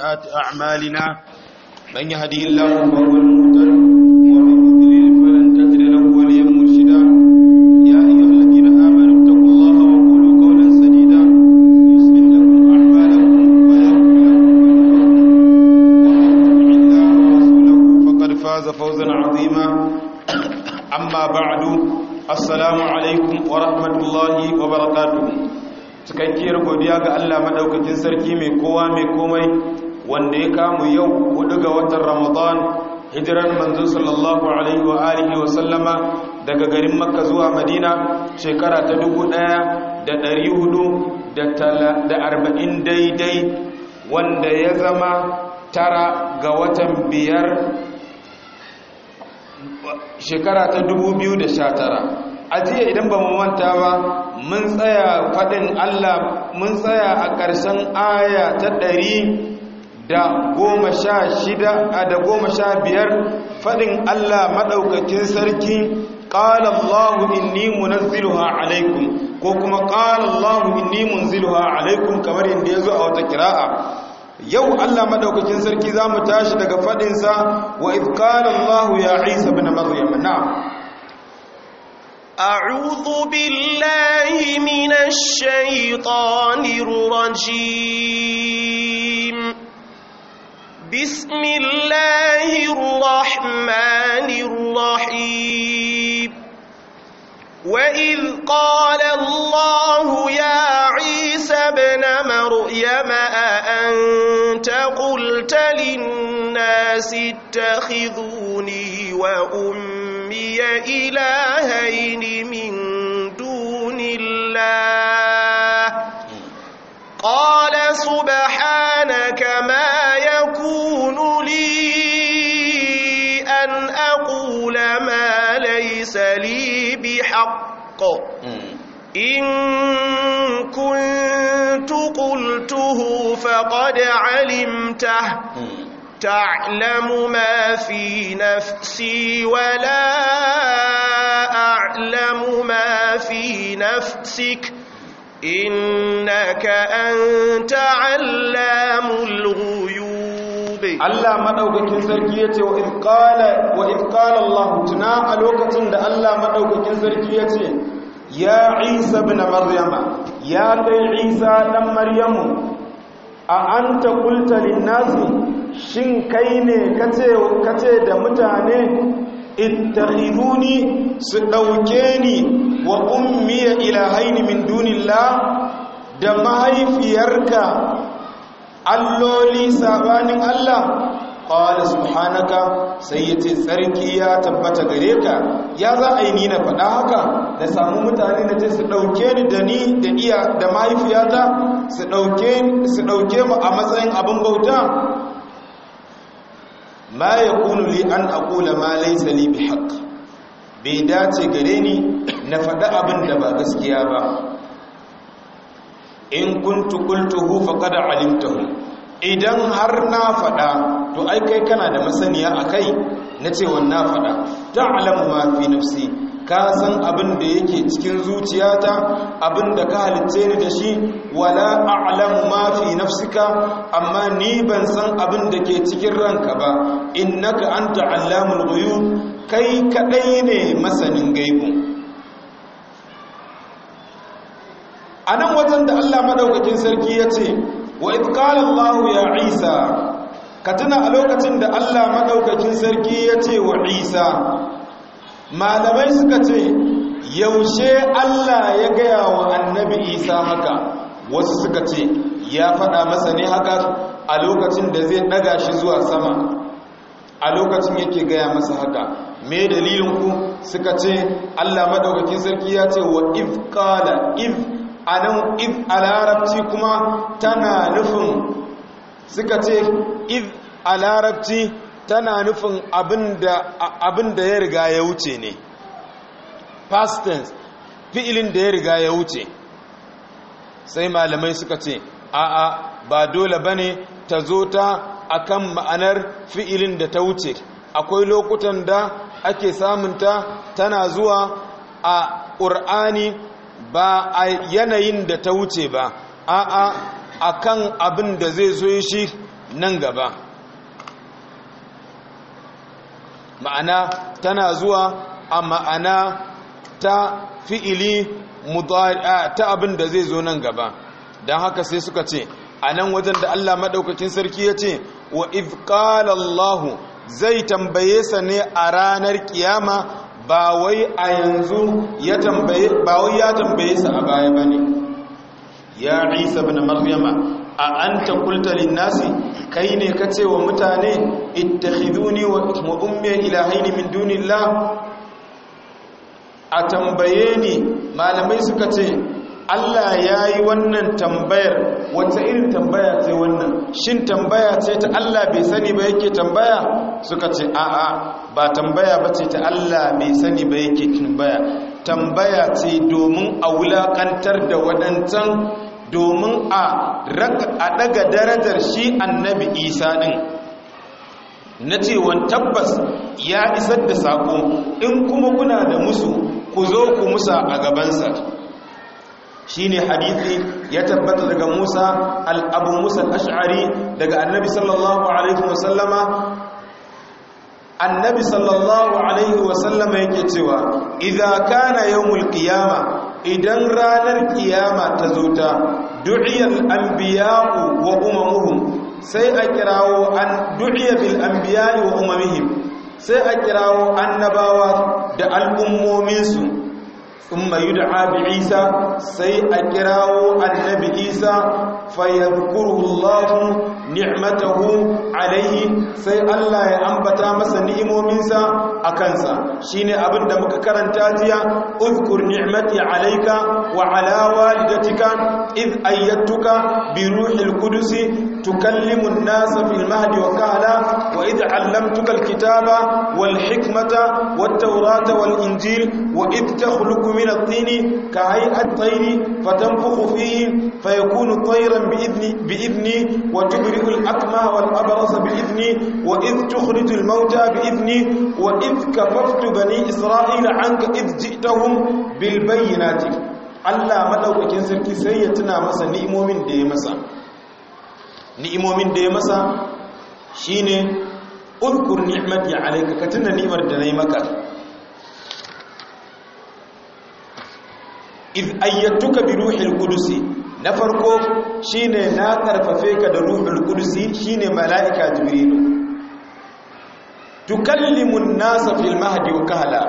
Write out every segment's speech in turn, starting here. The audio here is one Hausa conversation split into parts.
وسيئات أعمالنا من يهدي الله فهو المهتد ومن يضلل فلن تجد له وليا مرشدا يا أيها الذين آمنوا اتقوا الله وقولوا قولا سديدا يصلح لكم أعمالكم ويغفر لكم ذنوبكم ومن يطع الله ورسوله فقد فاز فوزا عظيما أما بعد السلام عليكم ورحمة الله وبركاته cikakkiyar godiya ga Allah madaukakin sarki mai kowa mai komai wanda ya kamu yau hudu ga watan ramadan hijiran manzo sallallahu alaihi wa alihi wa sallama daga garin makka zuwa madina shekara ta dubu ɗaya da ɗari hudu da arba'in daidai wanda ya zama tara ga watan biyar shekara ta dubu biyu da sha tara a jiya idan ba mu manta ba mun tsaya faɗin allah mun tsaya a ƙarshen aya ta ɗari da goma sha shida a da goma sha biyar faɗin Allah maɗaukakin sarki ƙala Allahu inni munazziluha alaikum ko kuma ƙala Allahu inni munziluha alaikum kamar yadda ya zo a wata kira'a yau Allah maɗaukakin sarki za mu tashi daga faɗinsa wa ifƙala Allahu ya Isa bin Maryam na أعوذ بالله من الشيطان الرجيم بسم الله الرحمن الرحيم وإذ قال الله يا عيسى ابن مريم أأنت قلت للناس اتخذوني وأمي إلهين من دون الله قال سبحانك ما الحق إن كنت قلته فقد علمته تعلم ما في نفسي ولا أعلم ما في نفسك إنك أنت علام الغيوب Allah madaukakin sarki yace wa izqala wa izqala Allah tuna a lokacin da Allah madaukakin sarki yace ya Isa ibn Maryama ya kai Isa dan Maryamu a anta qulta lin-nasi shin kai ne kace kace da mutane ittakhiduni su dauke ni wa ummi ilahaini min dunillah da mahaifiyarka alloli sabanin Allah qala subhanaka sai yace tsarki ya tabbata gare ka ya za a yi ni na faɗa haka da samu mutane na ce su ɗauke ni da ni da iya da mahaifiyata su ɗauke mu a matsayin abin bauta ma kunu li an aqula ma laysa li haka. bai dace gare ni na faɗa abin da ba gaskiya ba in kuntu qultuhu faqad alimtahu idan har na faɗa to ai kai kana da masaniya akai na cewa na faɗa ta'lamu ma fi nafsi ka san abin da yake cikin zuciyata abin da ka halitce ni da shi wala a'lamu ma fi nafsika amma ni ban san abin da ke cikin ranka ba innaka anta allamul ghuyub kai kadai ne masanin gaibu a nan wajen da allah maɗaukakin sarki ya ce wa itkalar lahu ya isa ka tuna a lokacin da allah maɗaukakin sarki ya ce wa isa malamai suka ce yaushe allah ya gaya wa annabi isa haka wasu suka ce ya faɗa masa ne haka a lokacin da zai ɗaga shi zuwa sama a lokacin yake gaya masa haka me dalilinku suka ce allah maɗaukakin sarki ya ce wa if a nan if a kuma tana nufin suka ce if a larabci tana nufin abin da ya riga ya wuce ne past tense fi'ilin da ya riga ya wuce sai malamai suka ce a'a ba dole bane ta zo ta a kan ma'anar fi'ilin da ta wuce akwai lokutan da ake samunta tana zuwa a ƙur'ani ba a yanayin da ta wuce ba a'a kan abin da zai zo shi nan gaba ma'ana tana zuwa a ma'ana ta fi'ili ta abin da zai zo nan gaba don haka sai suka ce a nan wajen da Allah maɗaukakin sarki ya ce wa ifƙalallahu zai tambaye sa ne a ranar ƙiyama? ba wai a yanzu ya tambaye ba wai ya tambaye su a baya bane ya isa ibn maryama a anta qulta lin nasi kai ne kace wa mutane ittakhiduni wa ummi ilahin min dunillah a tambaye ni malamai suka ce Allah ya yi wannan tambayar wata irin tambaya ce wannan shin tambaya ce ta Allah bai sani ba yake tambaya suka ce a'a ba tambaya ba ce ta Allah mai sani ba yake tambaya tambaya ce domin a wulakantar da waɗancan domin a ɗaga darajar shi annabi isa ɗin na cewan tabbas ya isar da saƙo in kuma kuna da musu ku zo ku musa a gabansa shine hadisi ya tabbata daga Musa al-Abu Musa al-Ash'ari daga Annabi sallallahu alaihi wasallama Annabi sallallahu alaihi wasallama yake cewa idza kana yawmul qiyama idan ranar kiyama ta zuta du'iyal anbiya'u wa umamuhum sai a kirawo an du'iya bil anbiya'i wa umamihim sai a kirawo annabawa da al'ummominsu ثم يدعى بعيسى سيأكراه النبي عيسى فيذكره الله نعمته عليه سي الله يأنبتا مسا نئمو منسا أكنسا شيني أبن دمك كرنتاتيا اذكر نعمتي عليك وعلى والدتك إذ أيدتك بروح القدس تكلم الناس في المهد وكهلا وإذ علمتك الكتاب والحكمة والتوراة والإنجيل وإذ تخلق من من الطين كهيئة الطير فتنفخ فيه فيكون طيرا بإذني, بإذني وتبرئ الأكمى والأبرص بإذني وإذ تخرج الموتى بإذني وإذ كففت بني إسرائيل عنك إذ جئتهم بالبينات Allah madaukakin sarki sai ya tuna masa ni'imomin da ya masa ni'imomin da ya masa shine udkur ni'mati alayka ka tuna ni'mar da nayi maka iz ayyatuka bi ruhil qudus na farko shine na karfafe ka da ruhul qudus shine malaika tukallimu an nasa fil mahdi wa kahla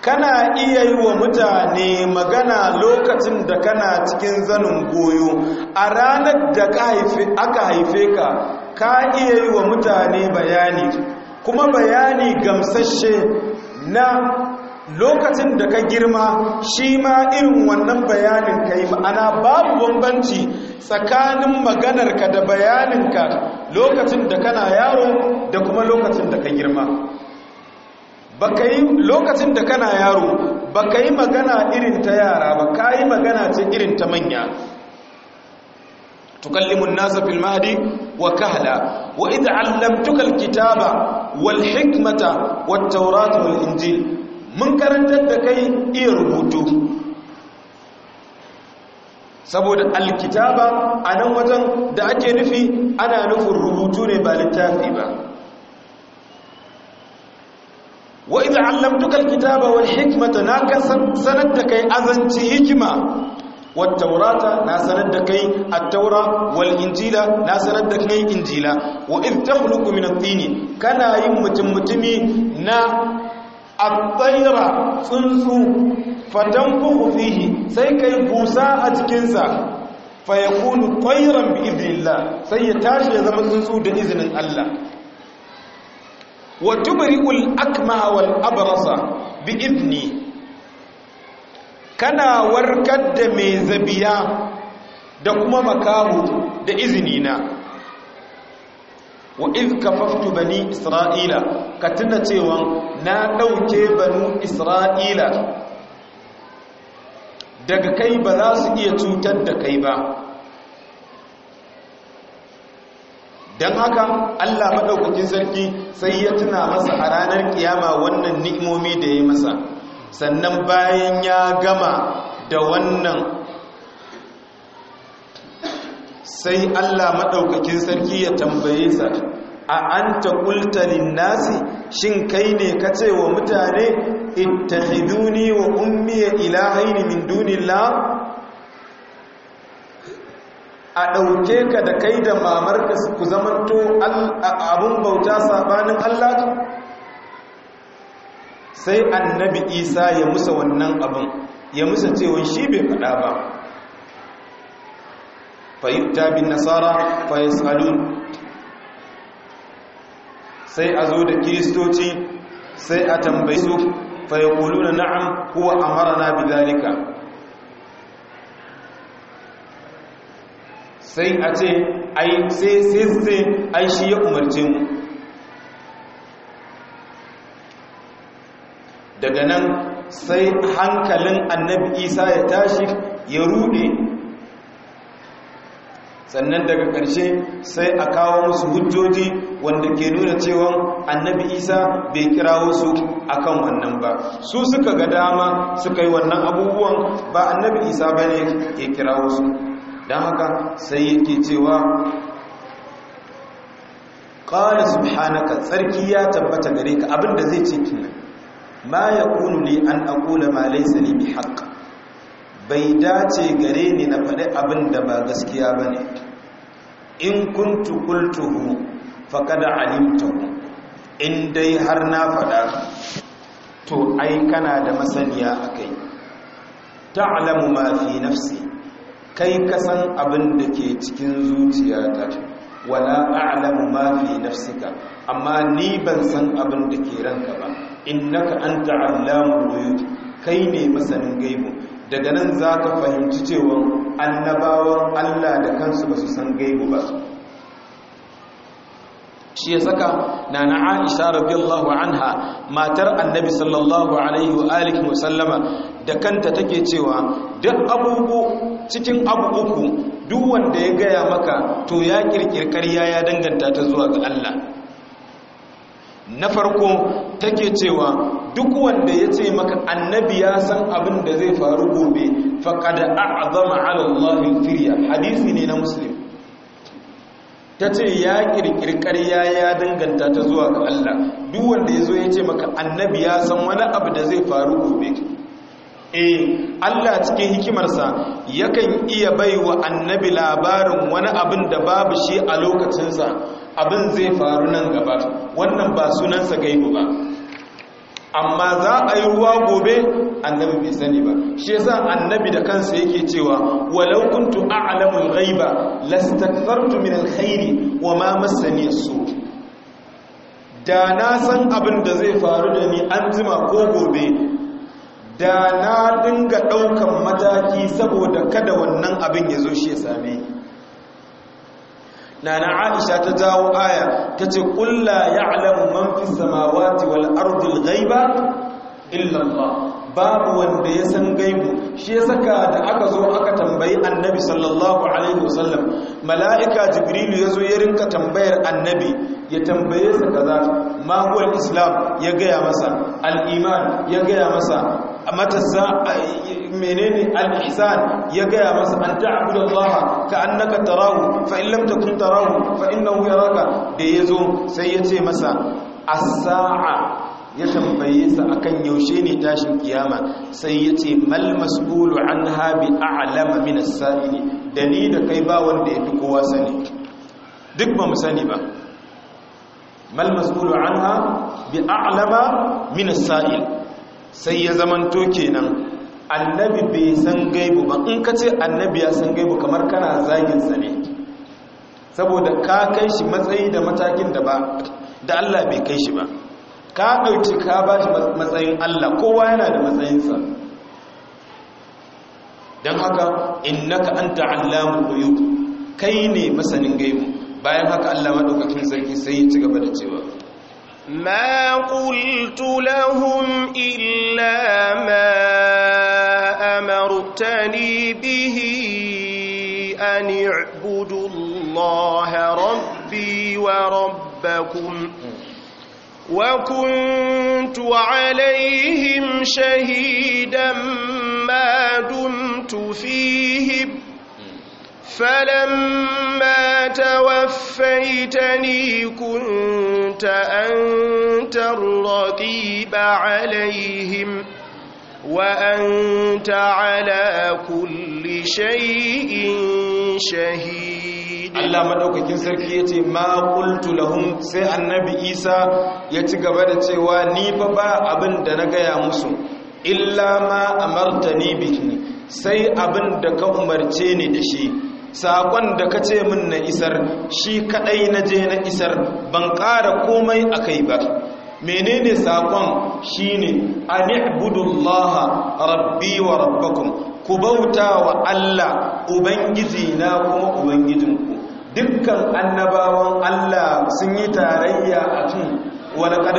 kana iya yi wa mutane magana lokacin da kana cikin zanin goyo a ranar da aka haife ka ka iya yi wa mutane bayani kuma bayani gamsashe na lokacin da ka girma shi ma irin wannan bayanin ka yi ma'ana babu bambanci tsakanin maganarka da bayaninka lokacin da kana yaro da kuma lokacin da ka girma lokacin da kana yaro baka yi magana irin ta yara ba ka yi magana ce irin ta manya tukallimun nasa fil mahdi wa kahla wa idh allamtuka alkitaba wal hikmata wat tawrata wal injil mun karantar da kai iya rubutu saboda alkitaba a nan wajen da ake nufi ana nufin rubutu ne ba littafi ba wa idza allamtuka alkitaba wal hikmata na sanar da kai azanci hikima wat tawrata na sanar da kai at-taura wal injila na sanar da kai injila wa id takhluqu min at-tini kana yin mutum mutumi na A tsaira tsuntsu fatanfuhu fihi sai kai busa a cikinsa fa yakunu tayran bi idnillah sai ya tashi ya zama tsuntsu da izinin Allah wa tubri'ul akmaha wal abarasa, bi idni kana warkar da mai zabiya da kuma makaho da izinina. wa iz kafaftu bani isra'ila ka tuna cewa na dauke banu isra'ila daga kai ba za su iya cutar da kai ba dan haka Allah maɗaukakin sarki sai ya tuna masa a ranar kiyama wannan ni'imomi da ya masa sannan bayan ya gama da wannan sai Allah maɗaukakin sarki ya tambaye sa a an ta ƙulta nasi shin kai ne ka ce wa mutane ittahiduni wa ummiya ilahaini min dunillah a ɗauke ka da kai da mamarka ku zamanto abin bauta sabanin Allah sai annabi isa ya musa wannan abin ya musa cewa shi bai faɗa ba fayyuta bin nasara fayasalun sai a zo da kiristoci sai a tambayi su fayakuluna na'am huwa amarana bi zalika sai a ce ai sai sai sai ai shi ya umarci. mu daga nan sai hankalin annabi isa ya tashi ya rude sannan daga ƙarshe sai a kawo musu hujjoji wanda ke nuna cewa annabi isa bai wasu su akan wannan ba su suka ga dama suka yi wannan abubuwan ba annabi isa ba ne ke kira wasu don haka sai yake cewa ƙwari subhanaka tsarki ya tabbata gare ka abinda zai ce ma ya kunu ne an akula ma laisa ne bi haƙƙa bai dace gare ni na faɗi abin da ba gaskiya ba ne in kuntu kultuhu faƙada alimtahu in dai har na faɗa to ai kana da masaniya a kai Ta ma fi nafsi kai ka san abin da ke cikin zuciya ta, wala a'lamu ma fi nafsika amma ni ban san abin da ke ranka ba innaka anta allamul ghuyub kai ne masanin gaibu daga nan za ka fahimci cewa annabawan allah da kansu ba su san gaibu ba shi ya saka na na aisha radiyallahu anha matar annabi sallallahu alaihi wa alihi wa da kanta take cewa duk abubu cikin abubu uku duk wanda ya gaya maka to ya kirkirkar ya ya danganta ta zuwa ga Allah na farko take cewa duk wanda ya ce maka annabi ya san abin da zai faru gobe faƙad a'azama ala Allahin firiya hadisi ne na muslim ta ce ya ƙirƙirƙar ya ya danganta ta zuwa ga Allah duk wanda ya zo ya ce maka annabi ya san wani abu da zai faru gobe eh Allah cikin hikimarsa yakan iya baiwa annabi labarin wani abin da babu shi a lokacinsa abin zai faru nan gaba wannan ba sunansa gaibu ba amma za a yi ruwa gobe annabi bai sani ba shi yasa annabi da kansa yake cewa walau kuntu al ghaiba lastakthartu min alkhairi wama massani as-su da na san abin da zai faru da ni an jima ko gobe da na dinga daukan mataki saboda kada wannan abin ya zo shi ya same ni nana aisha ta jawo aya ta ce kulla ya alamu manfi samawati wal ardil gaiba? illallah babu wanda ya san gaibu shi ya saka da aka zo aka tambayi annabi sallallahu alaihi wasallam mala'ika jibrilu ya zo ya rinka tambayar annabi ya tambaye sa kaza ma huwa islam ya gaya masa al-iman ya gaya masa matasa menene al-ihsan ya gaya masa an ta'budu Allah ka annaka tarahu fa in lam takun tarahu fa innahu yaraka da yazo sai ya ce masa as-sa'a ya tambaye sa akan yaushe ne tashin kiyama sai ya ce mal mas'ulu anha bi a'lama min as-sa'ili da da kai ba wanda yafi kowa sani duk ba mu sani ba mal mas'ulu anha bi a'lama min as-sa'il sai ya zamanto kenan annabi bai san gaibu ba in ka ce annabi ya san gaibu kamar kana zagin sa ne saboda ka kai shi matsayi da matakin da ba da Allah bai kai shi ba ka ɗauki ka ba shi matsayin Allah kowa yana da matsayinsa don haka innaka anta allamu ghuyub kai ne masanin gaibu bayan haka Allah madaukakin sarki sai ya ci gaba da cewa ma qultu lahum illa ma أمرتني به أن اعبدوا الله ربي وربكم وكنت عليهم شهيدا ما دمت فيهم فلما توفيتني كنت أنت الرقيب عليهم وأنت على كل شيء شهيد Allah madaukakin sarki yace ma qultu lahum sai annabi Isa ya ci gaba da cewa ni fa ba abin da na gaya musu illa ma a amartani bihi sai abin da ka umarce ni da shi sakon da ka ce min na isar shi kaɗai na je na isar ban ƙara komai a kai ba menene sakon shine an ibudullaha rabbi wa rabbakum ku bauta wa Allah ubangiji na kuma ubangijinku dukkan annabawan Allah sun yi tarayya a akan ولقد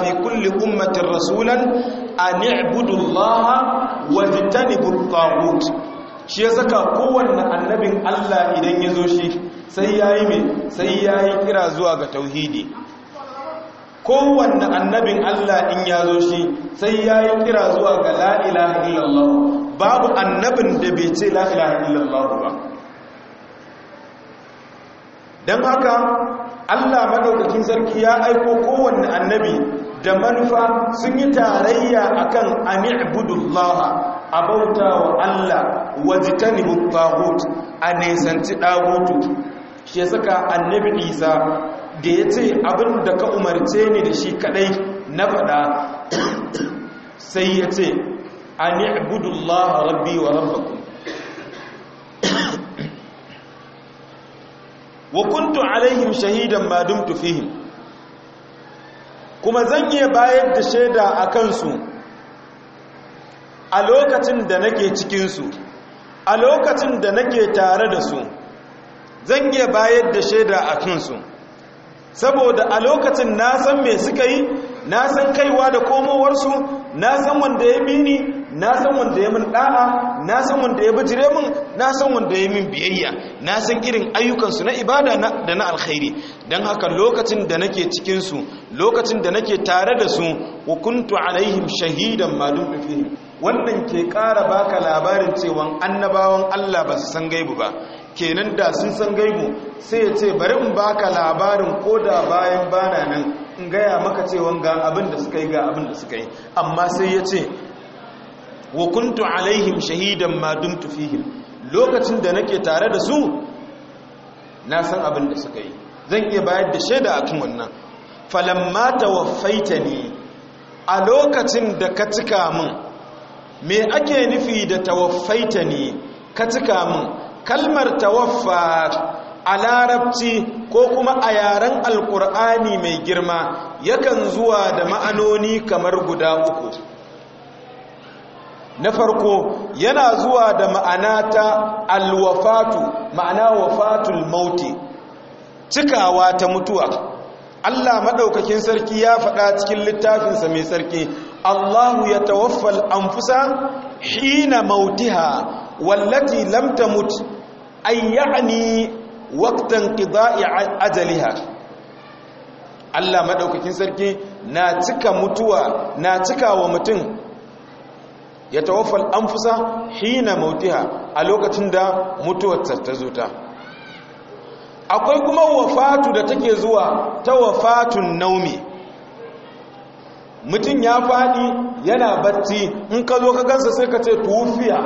fi kulli ummatin rasulan رسولا أن اعبدوا wa واجتنبوا الطاغوت shi ya saka kowanne annabin Allah idan yazo shi sai yayi me sai yayi kira zuwa ga tauhidi kowanne annabin Allah in ya zo shi sai ya yi kira zuwa ga la'ilaha illallah babu annabin da bai ce la'ilaha illallah ba don haka Allah madaukakin sarki ya aiko kowanne annabi da manufa sun yi tarayya akan ani'budullah a bauta wa Allah wajitani hutu a nisanci ɗagutu shi ya saka annabi isa da ya ce abin da ka umarce ni da shi kadai na fada sai ya ce an ibudullaha rabbi wa rabbakum wa kuntu alaihim shahidan ma dumtu fihim kuma zan iya bayar da shaida a kansu a lokacin da nake cikinsu a lokacin da nake tare da su zan iya bayar da shaida a kansu saboda a lokacin na san me suka yi na san kaiwa da komowarsu na san wanda ya bi ni na san wanda ya min da'a na san wanda ya bijire min na san wanda ya min biyayya na san irin ayyukansu na ibada da na alkhairi don haka lokacin da nake cikinsu lokacin da nake tare da su hukuntu alaihim shahidan malum fihim wannan ke kara baka labarin cewa annabawan Allah ba su san gaibu ba kenan da sun san gaibu sai ya ce bari in baka labarin ko da bayan bana nan in gaya maka cewa ga abin da suka yi ga abin da suka yi amma sai ya ce wa kuntu alaihim shahidan ma dumtu fihim lokacin da nake tare da su na san abin da suka yi zan iya bayar da shaida a tun wannan falamma tawaffaitani a lokacin da ka cika min me ake nufi da tawaffaitani ka cika min kalmar tawaffa a larabci ko kuma a yaren alkur'ani mai girma yakan zuwa da ma'anoni kamar guda uku na farko yana zuwa da ma'ana ta alwafatu ma'ana wafatul mauti cikawa ta mutuwa Allah maɗaukakin sarki ya faɗa cikin littafinsa mai sarki Allahu ya tawaffal anfusa hina mautiha wallati lam tamut ay ya'ni waktan qida'i ajaliha Allah madaukakin sarki na cika mutuwa na cika wa mutum ya tawaffal anfusa hina mautiha a lokacin da mutuwar ta zo ta akwai kuma wafatu da take zuwa ta wafatun naumi mutum ya faɗi yana bacci in ka zo ka gansa sai ka ce tuwufiya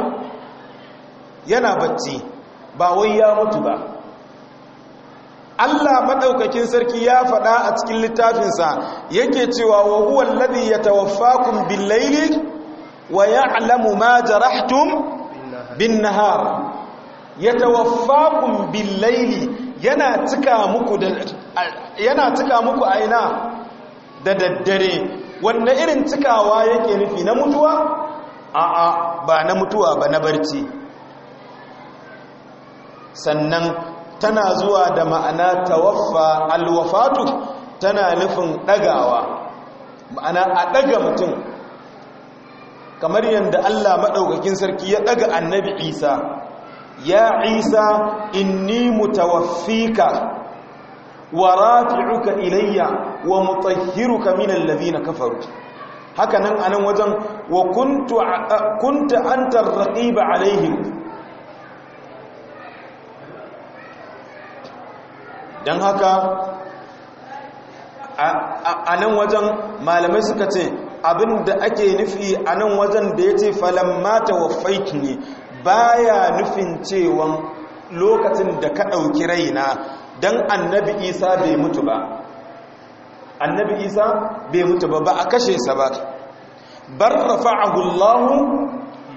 yana bacci ba wai ya mutu ba Allah maɗaukakin sarki ya faɗa a cikin littafinsa yake cewa wa huwa alladhi yatawaffakum bil-layli wa ya'lamu ma jarahtum bin-nahar yatawaffakum bil-layli yana cika muku da yana cika muku aina da daddare wanda irin cikawa yake nufi na mutuwa a'a ba na mutuwa ba na barci sannan tana zuwa da ma'ana tawaffa alwafatu tana nufin ɗagawa ma'ana a ɗaga mutum kamar yadda Allah maɗaukakin sarki ya ɗaga annabi isa ya isa inni mutawaffika wa rafi'uka ilayya wa mutahhiruka min alladhina kafaru haka nan anan wajen wa kuntu kunta anta raqiba alaihim don haka a nan wajen malamai suka ce abin da ake nufi a nan wajen da ya ce mata wa faiki ne baya nufin cewa lokacin da ka ɗauki raina don annabi isa bai mutu ba annabi isa bai mutu ba ba a kashe sa ba bar rafa'ahu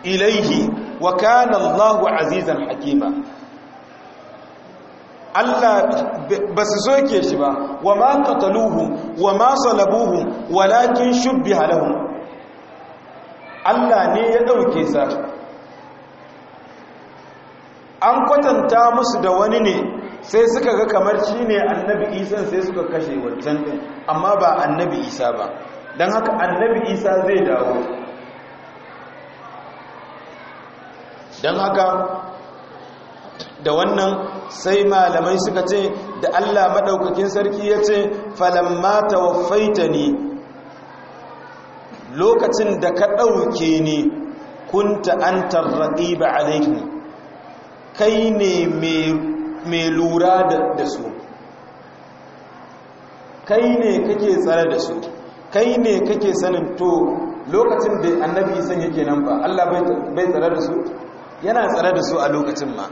ilaihi wa kana azizan hakima Allah ba su soke shi ba wa ma kataluhu wa ma salabuhum walakin shubbi halahu. Allah ne ya dauke sa an kwatanta musu da wani ne sai suka ga kamar shi ne annabi isa sai suka kashe wancan ɗin, amma ba annabi isa ba don haka annabi isa zai dawo don haka da wannan sai malamai suka ce da Allah maɗaukakin sarki ya ce falamma tawaffaita ni lokacin da ka ɗauke ni kunta ta'antar tarraɗi ba kai ne mai lura da su kai ne kake tsare da su kai ne kake sanin to lokacin da annabi san yake nan ba Allah bai tsare da su yana tsare da su a lokacin ma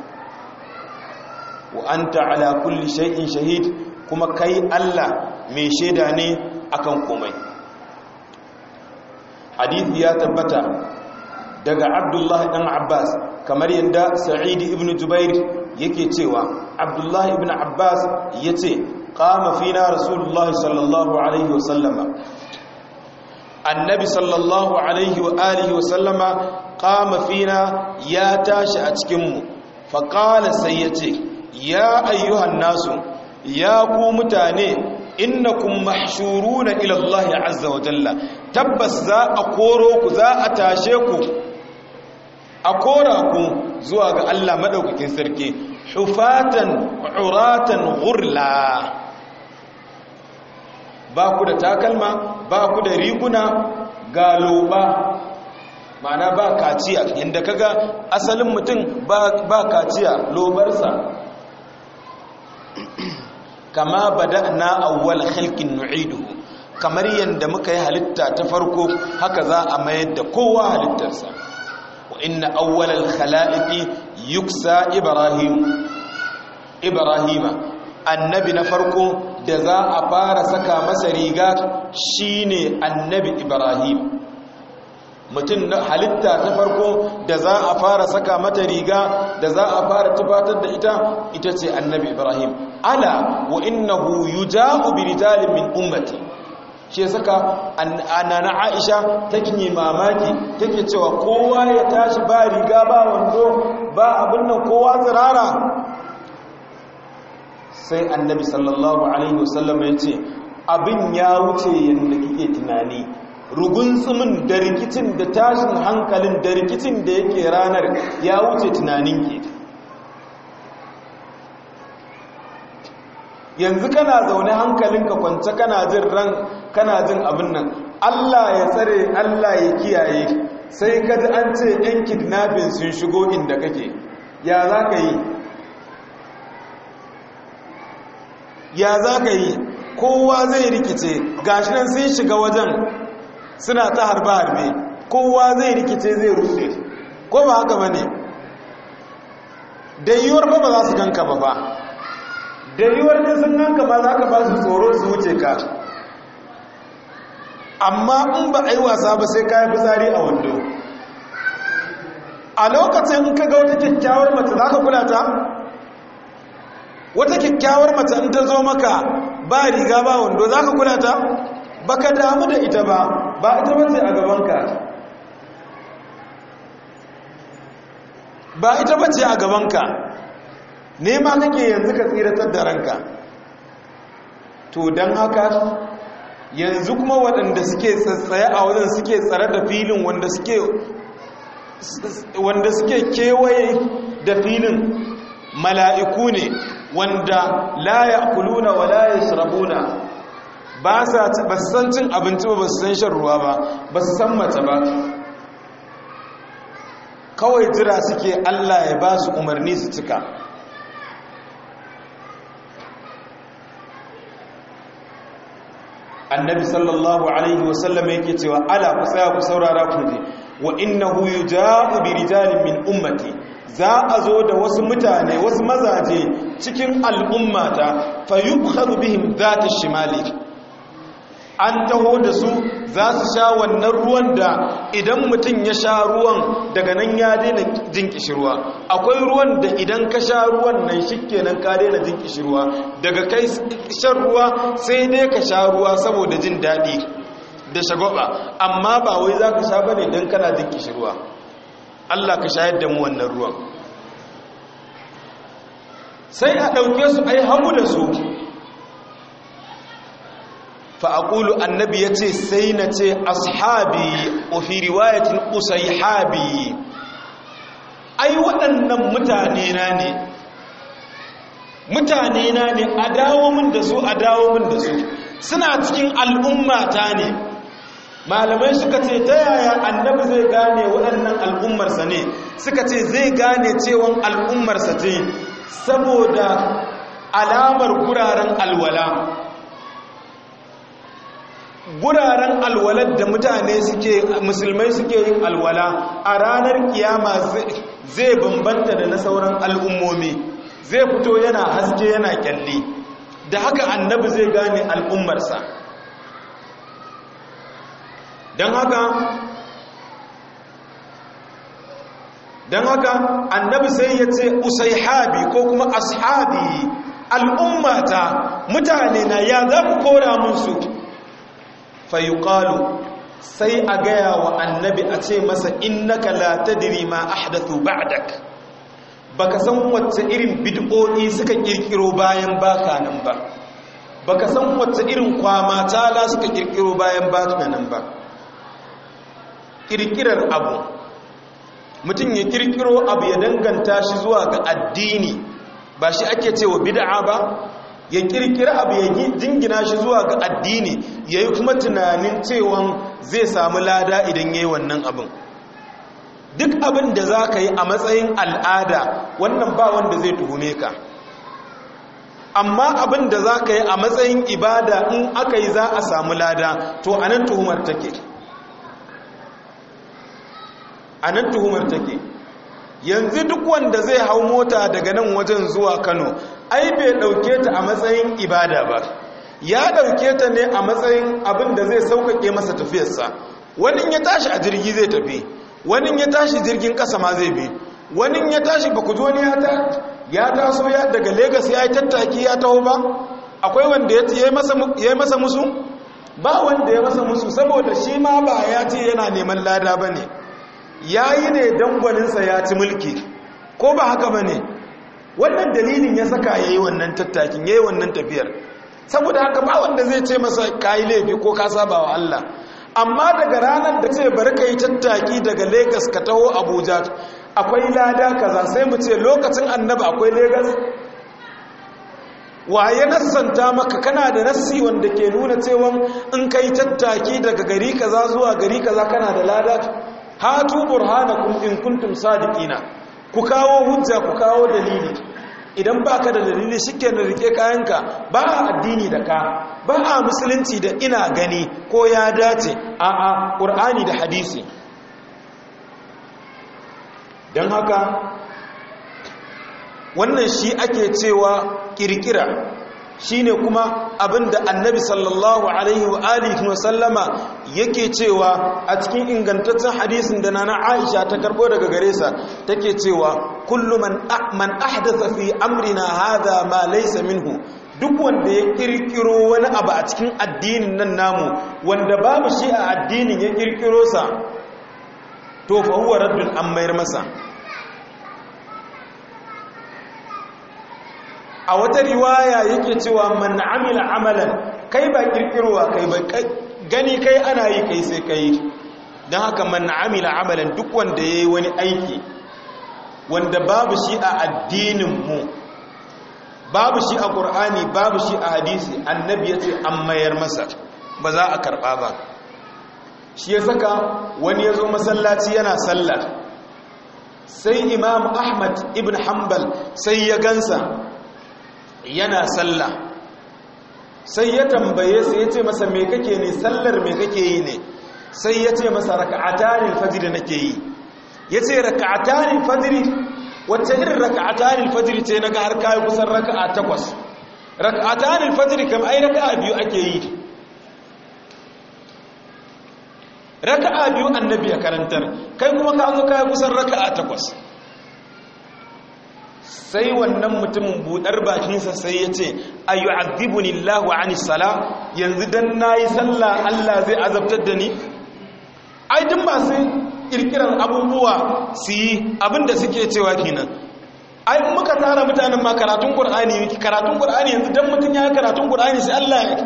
wa anta ala kulli shay'in shahid kuma kai Allah mai shaida ne akan komai hadisi ya tabbata daga Abdullah dan Abbas kamar yanda Sa'id ibn Jubair yake cewa Abdullah ibn Abbas yace qama fina rasulullahi sallallahu alaihi wasallama annabi sallallahu alaihi wa alihi wa sallama qama fina ya tashi a cikin mu fa qala sai ya ayyuhan nasu ya ku mutane innakum mahshuruna ila Allah azza wa jalla tabbas za a koro ku za a tashe ku a kora ku zuwa ga Allah madaukakin sarki hufatan uratan ghurla ba ku da takalma ba ku da riguna ga loba ma'ana ba kaciya inda kaga asalin mutum ba kaciya lobarsa kama bada'na awwal khalqin nu'iduhu kamar yadda muka yi halitta ta farko haka za a mayar da kowa halittarsa wa inna awwalal khala'iqi yuksa ibrahim ibrahima annabi na farko da za a fara saka masa riga shine annabi ibrahim mutum na halitta ta farko da za a fara saka mata riga da za a fara tufatar da ita ita ce annabi ibrahim ala wa innahu yuja'u bi rijalin min ummati ke saka annana aisha take yi mamaki take cewa kowa ya tashi ba riga ba wando ba abin nan kowa tsirara sai annabi sallallahu alaihi wasallam ya ce abin ya wuce yadda kike tunani rugunsumin da rikicin da tashin hankalin da rikicin da yake ranar ya wuce tunanin ke yanzu kana zaune hankalin ka kwance kana jin ran kana jin abin nan allah ya tsare allah ya kiyaye sai kada an ce yan kidnapin sun shigo inda kake ya za ka yi ya za ka yi kowa zai rikice gashi nan sun shiga wajen suna ta harba harbe kowa zai rikice zai rufe ko ba haka ba ne da yiwuwar ba ba za su ganka ba ba da yiwuwar ne sun ganka ba za ka ba su tsoro su wuce ka amma in ba a yi wasa ba sai kayan fitsari a wando a lokacin ka ga wata kyakkyawar mace za ka kula ta wata kyakkyawar mace in ta zo maka ba riga ba wando za ka kula ta ka damu da ita ba ba ita bace a gabanka ba ita ce a gabanka nema nake yanzu ka tsiratar da ranka to don haka yanzu kuma waɗanda suke tsaye a wajen suke tsare da filin wanda suke wanda suke kewaye da filin mala'iku ne wanda la ya kuluna wa la ya ba sa ba san cin abinci ba ba su san shan ruwa ba ba su san mace ba kawai jira suke Allah ya ba su umarni su cika annabi sallallahu alaihi wasallam yake cewa ala ku tsaya ku saurara ku ne wa innahu yuja'u bi rijalin min ummati za a zo da wasu mutane wasu mazaje cikin al'ummata fa yubkhadu bihim dhatu shimali an taho da su za su sha wannan ruwan da idan mutum ya sha ruwan daga nan ya daina jin kishirwa akwai ruwan da idan ka sha ruwan nan shi nan ka daina jin kishirwa daga kai shan ruwa sai dai ka sha ruwa saboda jin daɗi da shagwaba amma ba wai za ka sha ba ne don kana jin kishirwa Allah ka sha yadda mu wannan ruwan sai a ɗauke su a yi hamu da su fa'aƙulu annabi ya ce sai na ce ashabi ofi riwayatin habi ai waɗannan mutane na ne mutane na ne a dawo da su a dawo da su suna cikin al'ummata ne malamai suka ce ta yaya annabi zai gane waɗannan al'ummarsa ne suka ce zai gane cewon al'ummarsa ce saboda alamar guraren alwala guraren alwalar da mutane suke musulmai suke yin alwala a ranar kiyama zai bambanta da na sauran al'ummomi zai fito yana haske yana kyalli da haka annabi zai gane al'ummarsa don haka don haka annabi sai ya ce usaihabi ko kuma ashabi al'ummata mutane na ya za kora mun su fayuqalu sai a gaya wa annabi a ce masa innaka la tadri ma ahdathu ba'dak baka san wacce irin bid'o'i suka kirkiro bayan baka nan ba baka san wacce irin kwama tala suka kirkiro bayan baka nan ba kirkirar abu mutum ya kirkiro abu ya danganta shi zuwa ga addini ba shi ake cewa bid'a ba ya kirkira abu ya jingina shi zuwa ga addini ya yi kuma tunanin cewa zai samu lada idan ya yi wannan abin duk abin da za ka yi a matsayin al'ada wannan ba wanda zai tuhume ka amma abin da za ka yi a matsayin ibada in aka yi za a samu lada to a nan tuhumar take a nan tuhumar take yanzu duk wanda zai hau mota daga nan wajen zuwa kano ai bai ɗauke ta a matsayin ibada ba ya ɗauke ta ne a matsayin abin da zai sauƙaƙe masa tafiyarsa wani ya tashi a jirgi zai tafi wani ya tashi jirgin ƙasa ma zai bi wani ya tashi ba ku zo ta ya taso ya daga Legas ya yi tattaki ya taho ba akwai wanda ya yi masa musu ba wanda ya masa musu saboda shi ma ba ya ce yana neman lada ba ne ya yi ne dangwaninsa ya ci mulki ko ba haka ba ne wannan dalilin ya saka ya yi wannan tattakin ya yi wannan tafiyar saboda haka ba wanda zai ce masa kayi laifi ko ka saba wa Allah amma daga ranar da ce bari ka yi tattaki daga Legas ka taho Abuja akwai lada kaza sai mu ce lokacin annabi akwai Legas waye nassanta maka kana da nassi wanda ke nuna cewa in ka yi tattaki daga gari kaza zuwa gari kaza kana da lada hatu burhanakum in kuntum sadiqina ku kawo hujja ku kawo dalili idan ba ka da dalili shi na rike kayanka ba a addini da ka ba a musulunci da ina gani ko ya dace a a ƙur'ani da hadisi don haka wannan shi ake cewa ƙirƙira Shi ne kuma abinda annabi sallallahu alaihi wa alihi wa sallama yake cewa a cikin ingantaccen hadisin da nana Aisha ta karbo daga gare sa take cewa kullu man man ahdatha fi amrina hadha ma laysa minhu duk wanda ya kirkiro wani abu a cikin addinin nan namu wanda babu shi a addinin ya kirkiro sa to fa huwa raddun an mayar masa a wata riwaya yake cewa man amila amalan kai ba kirkirwa kai ba gani kai ana yi kai sai kai don haka man amila amalan duk wanda ya yi wani aiki wanda babu shi a addininmu babu shi a ƙur'ani babu shi a hadisi annabi ya ce an mayar masa ba za a karɓa ba shi ya saka wani ya zo masallaci yana sallar sai imam ahmad ibn hanbal sai ya gansa yana sallah sai ya tambaye sai ya ce masa me kake ne sallar me kake yi ne sai ya ce masa raka'atarin fajiri nake yi ya ce raka'atarin fajiri wacce irin raka'atarin fajiri ce ga har kayi kusan raka'a takwas raka'atarin fajiri kam ai raka'a biyu ake yi raka'a biyu annabi ya karantar kai kuma ka zo kayi kusan raka'a takwas sai wannan mutumin buɗar bakinsa sai ya ce ayyu'adhibuni Allahu an sala yanzu dan nayi sallah Allah zai azabtar da ni ai din ba sai kirkiran abubuwa su yi abinda suke cewa kenan ai muka tara mutanen ma karatun qur'ani karatun qur'ani yanzu dan mutun ya karatun qur'ani sai Allah ya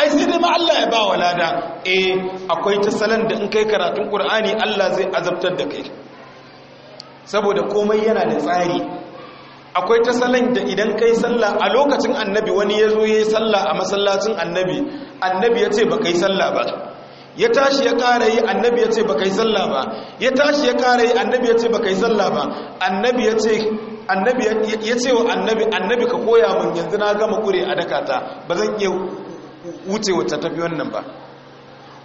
ai sai dai ma Allah ya ba wa lada eh akwai ta salan da in kai karatun qur'ani Allah zai azabtar da kai saboda komai yana da tsari akwai ta salan da idan kai sallah a lokacin annabi wani ya zo ya yi sallah a masallacin annabi annabi ya ce ba kai sallah ba ya tashi ya ƙara yi annabi ya ce ba kai sallah ba ya tashi ya ƙara yi annabi ya ce ba kai sallah ba annabi ya ce annabi ya ce wa annabi annabi ka koya mun yanzu na gama kure a dakata ba zan iya wuce wata tafi wannan ba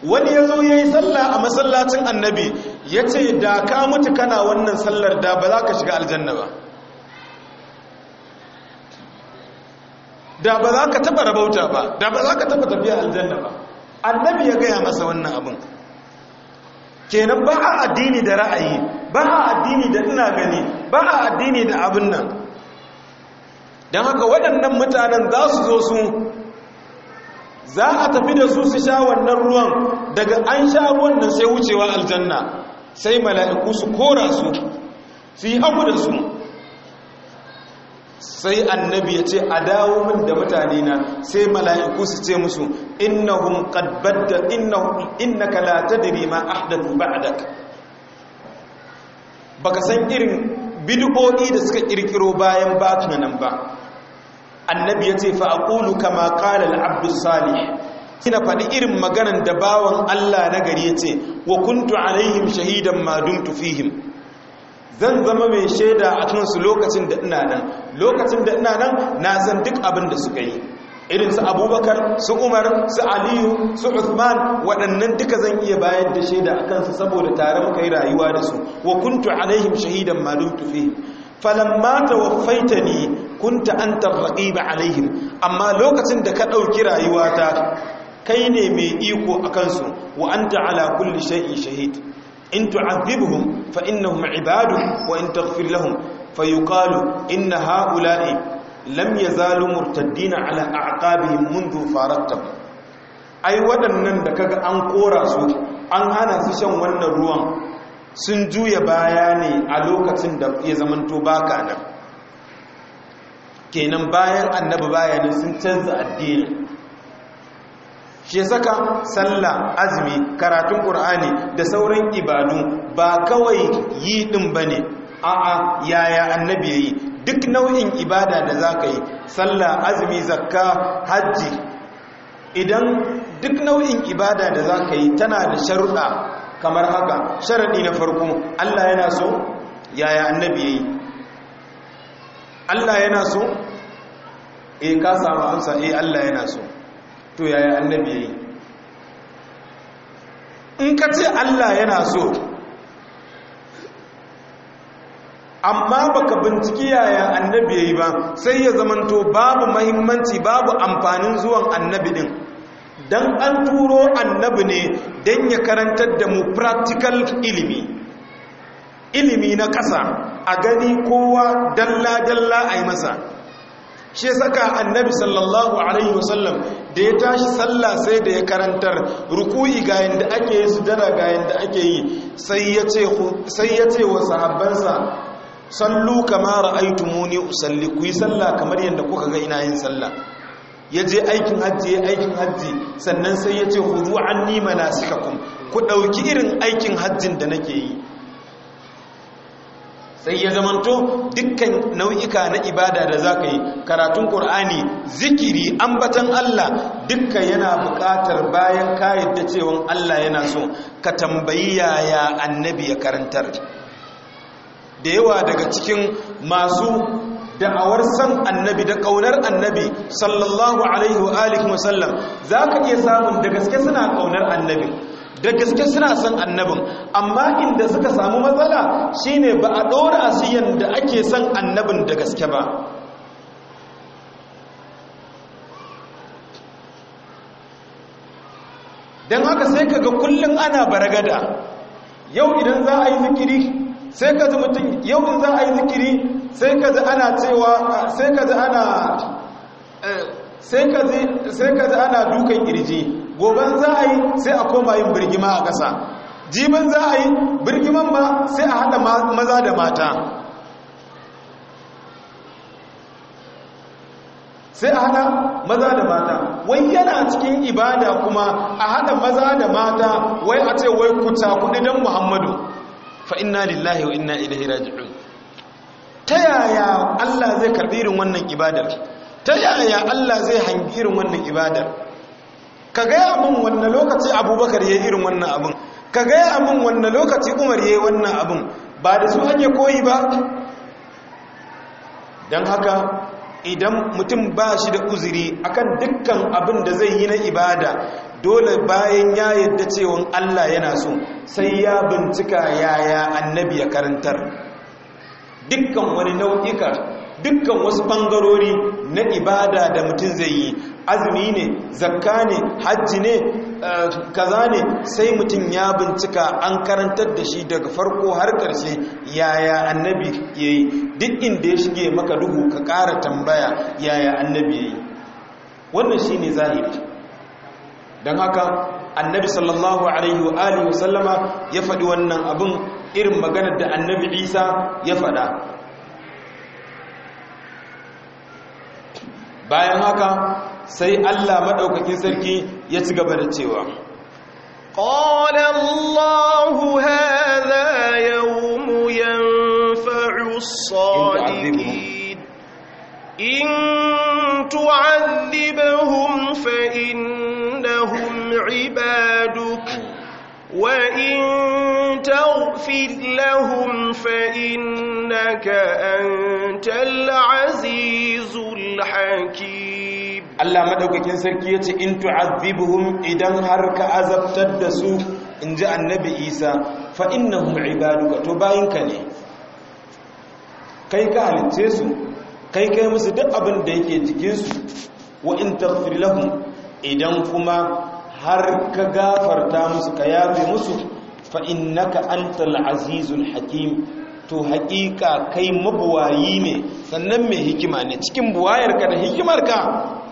wani ya zo ya yi sallah a masallacin annabi ya ce da ka mutu kana wannan sallar da ba za ka shiga aljanna ba da ba za ka taba rabauta ba da ba za ka taba tafiya aljanna ba annabi ya gaya masa wannan abin kenan ba a addini da ra'ayi ba a addini da ina gani ba a addini da abin nan don haka waɗannan mutanen za su zo su za a tafi da su su sha wannan ruwan daga an sha ruwan nan sai wucewa aljanna sai mala'iku su kora su su yi hagu su sai annabi ya ce a dawo min da mutane na sai mala'iku su ce musu innahum qad badda innahum innaka la tadri ma ahdathu ba'dak baka san irin bid'o'i da suka kirkiro bayan batuna nan ba annabi ya ce fa aqulu kama qala al-abdu salih ina faɗi irin maganan da bawan Allah na gari ya ce wa kuntu alaihim shahidan ma dumtu fihim zan zama mai shaida a kansu lokacin da ina nan lokacin da ina nan na san duk abin da suka yi irin su abubakar su umar su aliyu su usman waɗannan duka zan iya bayar da shaida a kansu saboda tare muka yi rayuwa da su wa kuntu alaihim shahidan ma dumtu fihim falamma tawaffaitani kunta anta raqiba alaihim amma lokacin da ka ɗauki rayuwata kai ne mai iko a kansu wa anta ala kulli shay'in shahid in tu'adhibhum fa innahum ibadu wa in taghfir lahum fayuqalu inna ha'ula'i lam yazalu murtaddina ala a'qabihim Mundu faratahum ai waɗannan da kaga an kora su an hana su shan wannan ruwan sun juya baya ne a lokacin da ya zamanto baka nan kenan bayan annabi bayanin sun canza addini shi saka sallah azumi karatun qur'ani da sauran ibadu ba kawai yi din ba ne a'a yaya annabi yayi yi duk nau'in ibada da za ka yi sallah azumi zakka hajji idan duk nau'in ibada da za ka yi tana da sharuɗa kamar haka sharadi na farko allah yana so yaya annabi yayi yi allah yana so eh ka samu amsa eh allah yana so to yaya annabi ya in ka ce allah yana so amma baka binciki yaya annabi ya yi ba sai ya zamanto babu mahimmanci babu amfanin zuwan annabi din don an turo annabi ne don ya karantar da mu practical ilimi ilimi na ƙasa a gani kowa dalla-dalla a yi masa shi saka annabi sallallahu alaihi wasallam da ya tashi sallah sai da ya karantar ruku'i ga yanda ake yi sujada ga yanda ake yi sai ya ce wa sahabbansa sallu kama ra'aytumuni usalli ku yi sallah kamar yadda kuka ga ina yin sallah ya je aikin hajji ya aikin hajji sannan sai ya ce hudu an nima na ku ɗauki irin aikin hajjin da nake yi sai ya zamanto dukkan nau'ika na ibada da za ka yi karatun ƙur'ani zikiri ambatan Allah dukkan yana buƙatar bayan kayan da cewan Allah yana so ka tambayi yaya annabi ya karantar da yawa daga cikin masu da'awar san annabi da ƙaunar annabi sallallahu alaihi wa alihi wasallam za ka iya samun da gaske suna ƙaunar annabi da gaske suna son annabin amma inda suka samu matsala shine ba a ɗora su da ake son annabin da gaske ba don haka sai kaga kullum ana baragada yau idan za a yi zikiri sai ka mutum yau idan za a yi zikiri sai ka ana cewa sai ka ana eh, sai ka ana dukan kirji goben za a yi sai a koma yin birgima a ƙasa jiman za a yi birgiman ba sai a haɗa maza da mata sai a haɗa maza da mata wai yana cikin ibada kuma a haɗa maza da mata wai a ce wai kuta kuɗi don muhammadu fa inna lillahi wa inna ilaihi raji'un ta yaya allah zai karɓi irin wannan ibadar ta yaya allah zai hangi irin wannan ibadar ka gaya min wannan lokaci abubakar ya irin wannan abin ka gaya min wannan lokaci umar ya wannan abin ba da su hanyar koyi ba don haka idan mutum ba shi da uzuri akan dukkan abin da zai yi na ibada dole bayan ya yadda cewon Allah yana so sai ya bincika yaya annabi ya karantar dukkan wani nau'ika dukkan wasu bangarori na ibada da mutum zai yi azumi ne zakka ne hajji ne eh, kaza ne sai mutum ya bincika an karantar da shi daga farko har ƙarshe yaya annabi ya yi duk inda ya shige maka duhu ka ƙara tambaya yaya annabi ya yi wannan shi ne zahiri don haka annabi sallallahu alaihi wa alihi wasallama ya faɗi wannan abin irin maganar da annabi isa ya faɗa bayan haka sai Allah maɗaukakin sarki ya ci gaba da cewa قال الله هذا يوم ينفع الصادقين إن تعذبهم فإنهم عبادك وإن تغفر لهم فإنك أنت العزيز الحكيم Allah madaukakin sarki yace in tu'azzibuhum idan har ka azabtar da su inji annabi Isa fa innahum ibaduka to bayinka ne kai ka halice su kai kai musu duk abin da yake cikin su wa in taghfir lahum idan kuma har ka gafarta musu ka yafe musu fa innaka antal azizul hakim to haƙiƙa kai mabuwayi ne sannan mai hikima ne cikin buwayarka da hikimarka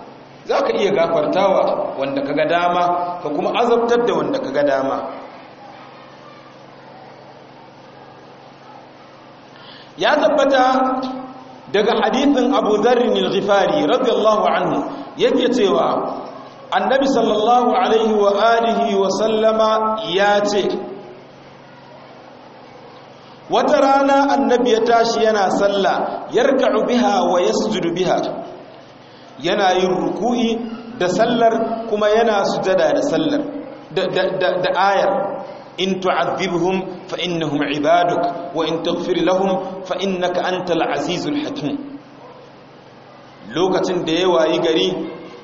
za ka iya gafartawa wanda ka ga dama ka kuma azabtar da wanda ka ga dama ya tabbata daga hadithin abu zarrin al-ghifari radiyallahu anhu yake cewa annabi sallallahu alaihi wa alihi wa sallama ya ce wata rana annabi ya tashi yana sallah yarka'u biha wa yasjudu biha yana yin ruku'i da sallar kuma yana sujada da sallar da ayar in tu'adhibhum fa innahum ibaduk wa in taghfir lahum fa innaka antal azizul hakim lokacin da ya wayi gari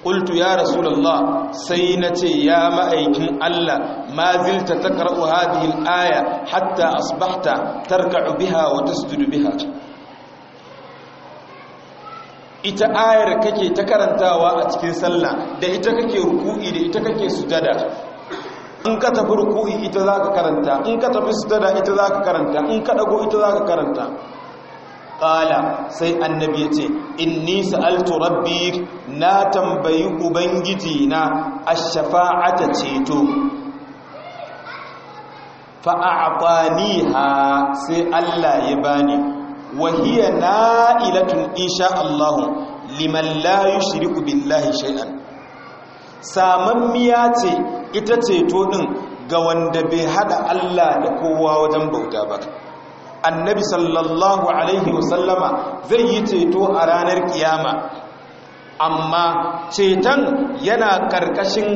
qultu ya rasulullah sai nace ya ma'aikin Allah ma zilta taqra'u hadhihi al-aya hatta asbahta tarka'u biha wa tasjudu biha ita ayar kake ta karantawa a cikin sallah da ita kake ruku'i da ita kake sujada in ka tafi ruku'i ita za ka karanta in ka tafi sujada ita za ka karanta in ka dago ita za ka karanta Ƙala sai annabi ya ce inni sa'altu rabbi na tambayi ubangiji na ash-shafa'ata ceto fa a'taniha sai Allah ya bani wahiya na'ilatun insha Allah liman la yushriku billahi shay'an samammiya ce ita ceto din ga wanda bai hada Allah da kowa wajen bauta ba annabi sallallahu alaihi wasallama zai yi ceto a ranar kiyama amma ceton yana karkashin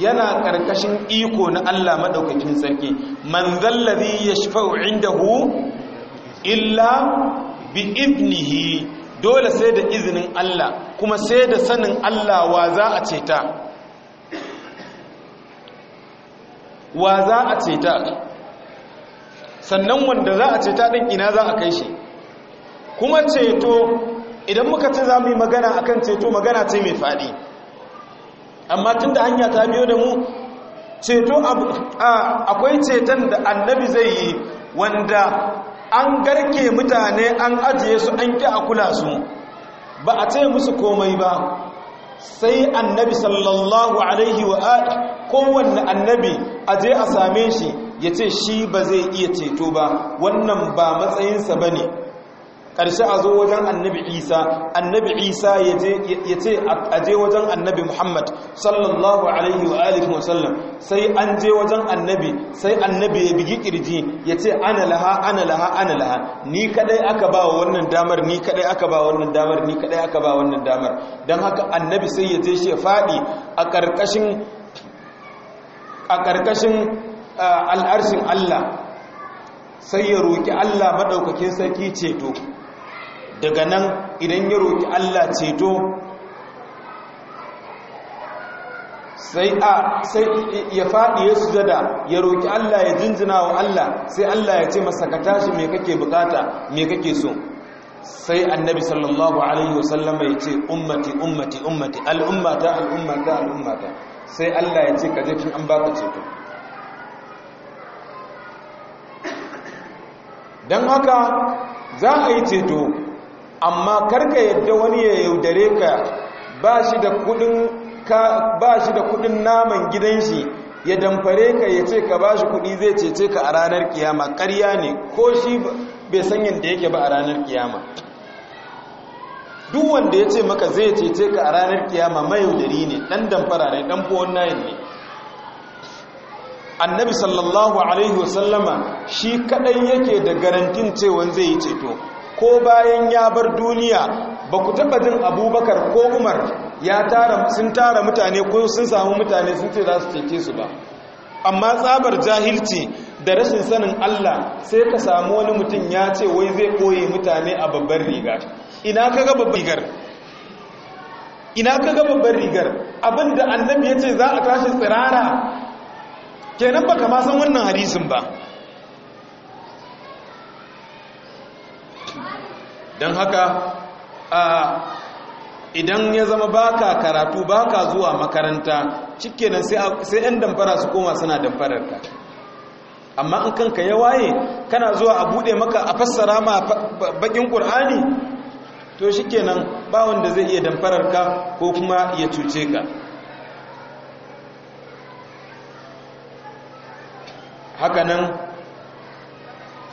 yana karkashin iko na Allah madaukakin sarki man zallazi yashfa'u indahu illa bi ibnihi dole sai da izinin Allah kuma sai da sanin Allah wa za a ceta wa za a ta sannan wanda za a ceta din ina za a kai shi kuma ceto idan muka ce za mu yi magana akan ceto magana ce mai faɗi amma tun da hanya ta biyo da mu ceto akwai ceton da annabi zai yi wanda an garke mutane an ajiye su an ƙi a kula su ba a ce musu komai ba sai annabi sallallahu alaihi wa kowanne annabi aje a same shi ya ce shi ba zai iya ceto ba wannan ba matsayinsa ba ne karshe a zo wajen annabi isa annabi isa ya ce a je wajen annabi muhammad sallallahu alaihi wa alihi wasallam sai an je wajen annabi sai annabi ya bigi kirji ya ce ana laha ana laha ana laha ni kadai aka ba wannan damar ni kadai aka ba wannan damar ni kadai aka ba wannan damar don haka annabi sai ya je shi ya faɗi a ƙarƙashin a ƙarƙashin al'arshin allah sai ya roƙi allah maɗaukakin sarki ceto daga nan idan ya roƙi Allah ceto sai a sai ya faɗi ya sujada ya roƙi Allah ya jinjina wa Allah sai Allah ya ce masa ka tashi me kake bukata me kake so sai annabi sallallahu alaihi wasallama ya ce ummati ummati ummati al'ummata al'ummata al'ummata sai Allah ya ce ka je kin an baka ceto dan haka za a yi ceto amma karka yadda wani ya yaudare ka ba shi da kudin naman gidan shi ya damfare ka ya ce ka ba shi kudi zai cece ka a ranar kiyama karya ne ko shi bai san yadda yake ba a ranar kiyama duk wanda ya ce maka zai cece ka a ranar kiyama mai yaudari ne dan damfara ne dan fowon nayin ne annabi sallallahu alaihi wasallama shi kadan yake da garantin cewa zai yi ceto ko bayan ya bar duniya ba ku taɓa jin abubakar ko umar ya tara sun tara mutane ko sun samu mutane sun ce za su cece su ba amma tsabar jahilci da rashin sanin allah sai ka samu wani mutum ya ce wai zai ɓoye mutane a babbar rigar ina ka ga babbar rigar ina ka ga babbar rigar abinda annabi ya ce za a tashi tsirara kenan ba ka ma san wannan hadisin ba don haka idan ya zama baka karatu baka zuwa makaranta cike sai 'yan damfara su koma suna damfarar ka amma in kanka ya waye kana zuwa a bude maka a fassara ma bakin ƙur'ani to shike nan ba wanda zai iya damfarar ka ko kuma ya cuce ka hakanan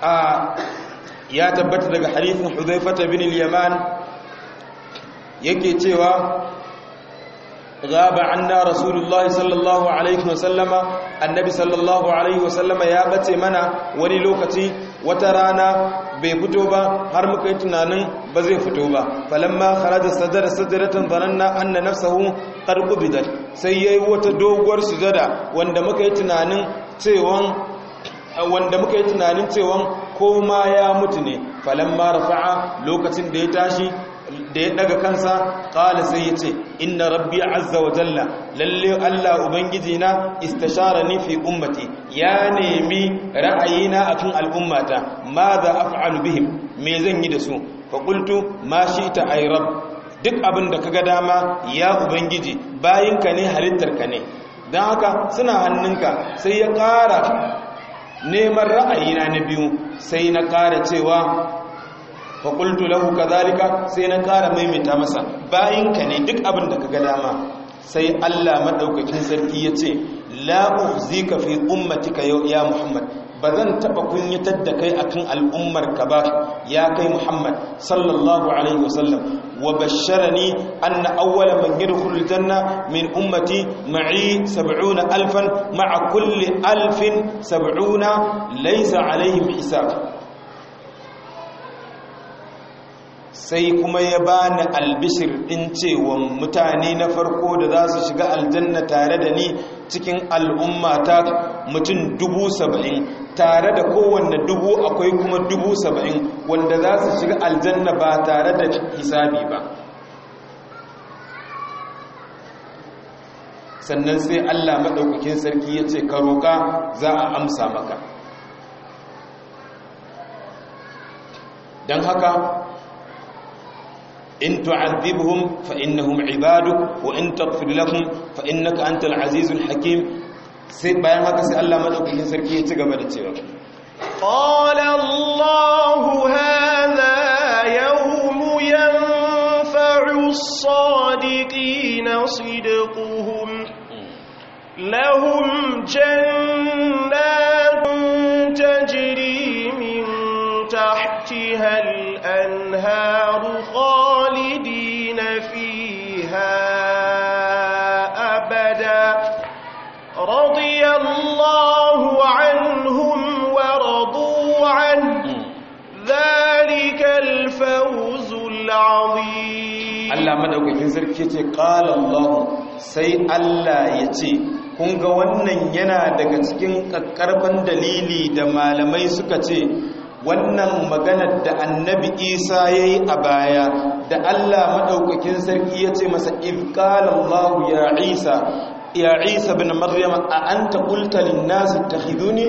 a ya tabbata daga hadithin huzaifata bin liyaman yaman yake cewa gaba anna rasulullahi sallallahu alaihi wasallama annabi sallallahu alaihi wasallama ya bace mana wani lokaci wata rana bai fito ba har muka yi tunanin ba zai fito ba falamma kharaja sadara sadaratan zananna anna nafsahu qad qubidat sai yayi wata doguwar sujada wanda muka yi tunanin cewon wanda muka yi tunanin cewon ko ma ya mutu ne falamma rafa'a lokacin da ya tashi da ya daga kansa qala sai yace inna rabbi azza wa jalla lalle Allah ubangiji na istasharani fi ummati ya nemi ra'ayina akan al'ummata madha af'alu bihim me zan yi da su fa qultu ma shi'ta ay rabb duk abin da kaga dama ya ubangiji bayinka ne halittarka ne don haka suna hannunka sai ya ƙara neman ra'ayina na biyu sai na kara cewa faƙultu lahu kazalika sai na kara maimaita masa ka ne duk abin da ka ga dama sai Allah maɗaukakin sarki ya ce la'uf zika fi ummatika ya Muhammad ba zan taɓa kunyatar da kai akan al'ummar ka ba ya kai muhammad sallallahu alaihi wasallam wa basharani anna awwala man janna min ummati ma'i 70 alfan ma'a kulli alfin 70 laisa alaihim hisab sai kuma ya bani albishir din cewa mutane na farko da za su shiga aljanna tare da ni cikin al'umma ta mutum dubu saba'in tare da kowanne dubu akwai kuma dubu saba'in wanda za su shiga aljanna ba tare da hisabi ba sannan sai allah maɗaukakin sarki ya ce ka roƙa za a amsa maka don haka إن تعذبهم فإنهم عبادك وإن تغفر لهم فإنك أنت العزيز الحكيم سيبين هكذا تسأل الله ملوك لسركي تقبل تيرك قال الله هذا يوم ينفع الصادقين صدقهم لهم جنات تجري من تحتها الأنهار خالق رضي الله عنهم ورضوا عنه ذلك الفوز العظيم الله madaukakin sarki yace qala sai Allah yace kun ga wannan yana daga cikin kakkarfan dalili da malamai suka ce wannan maganar da annabi isa ya yi a baya da allah maɗaukakin sarki ya ce masa ifkalallahu ya isa ya isa bin maryam a an ta kulta linnasi ta hiduni